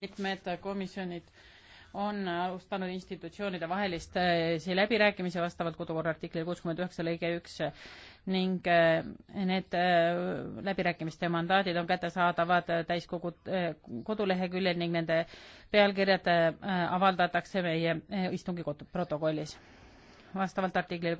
mitmed komisjonid on alustanud institutsioonide vahelistesi eh, läbirääkimisi vastavalt kodukorra artiklile kuuskümmend üheksa lõige üks ning eh, need eh, läbirääkimiste mandaadid on kättesaadavad täiskogu koduleheküljel ning nende pealkirjad avaldatakse meie istungi protokollis. vastavalt artiklile